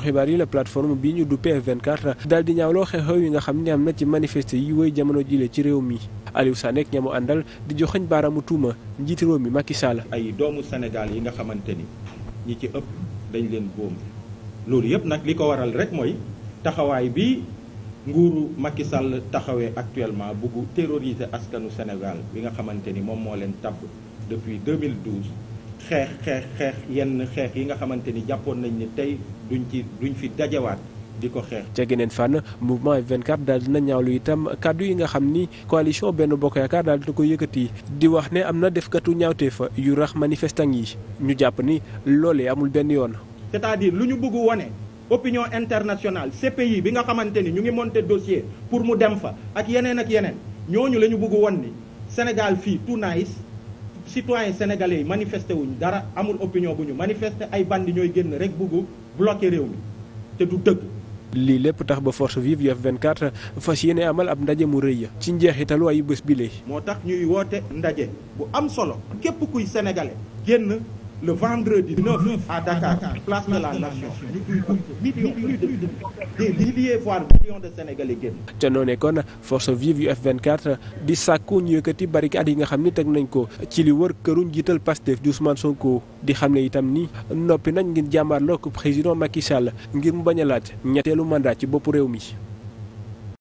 xibaar yi la plateforme bi ñu duppee F24 daal di ñaawloo xew-xew yi nga xam ne am na ci manifeste yi woy jamono jile ci réew mi Aliou Sané ak ñamu àndal di joxañ baaraamu tuuma njiiti réew mi Macky Sall. ay doomu Sénégal yi nga xamante ni ñi ci ëpp dañ leen boom loolu yëpp nag li ko waral rek mooy taxawaay bi nguuru Macky Sall taxawee actuellement bugg terroriser askanu Sénégal bi nga xamante ni moom moo leen tabb depuis 2012 xeex xeex xeex yenn xeex yi nga xamante ni jàppoon nañu ne tey duñ ci duñ fi dajawaat di ko xeex. ca geneen fànn mouvement F24 daal dina ñaawlu itam kàddu yi nga xam ni coalition benn bokk yaakaar daal dina ko yëkkati di wax ne am na defkatu fa yu rax manifestant yi ñu jàpp ni loolee amul benn yoon. cest à lu ñu bëgg wone opinion internationale CPI bi nga xamante ni ñu ngi monter dossier pour mu dem fa ak yeneen ak yeneen ñooñu la ñu bëgg won ni Sénégal fii tout citoyens sénégalais yi manifesté wuñ dara amul opinion bu ñu manifesté ay bandi ñooy génn rek buggu bloqué réew mi te du dëgg. lii lépp tax ba force vive yu F24 fas yéene amal ab ndaje mu rëy ci njeexitalu ay bés bi lee. moo tax ñuy woote ndaje bu am solo képp kuy sénégalais génn. le vendredi 9 à Dakar, place de la Nation. noo nekkoon force vive yu f di sàkku ñu yëkkati barricade yi nga xam ni teg nañ ko ci li wër këru njiital Pastef di Ousmane Sonko di xam ne itam ni noppi nañ ngir jàmbaarloo ko président Macky ngir mu bañ a laaj ñetteelu mandat ci bopp réew mi.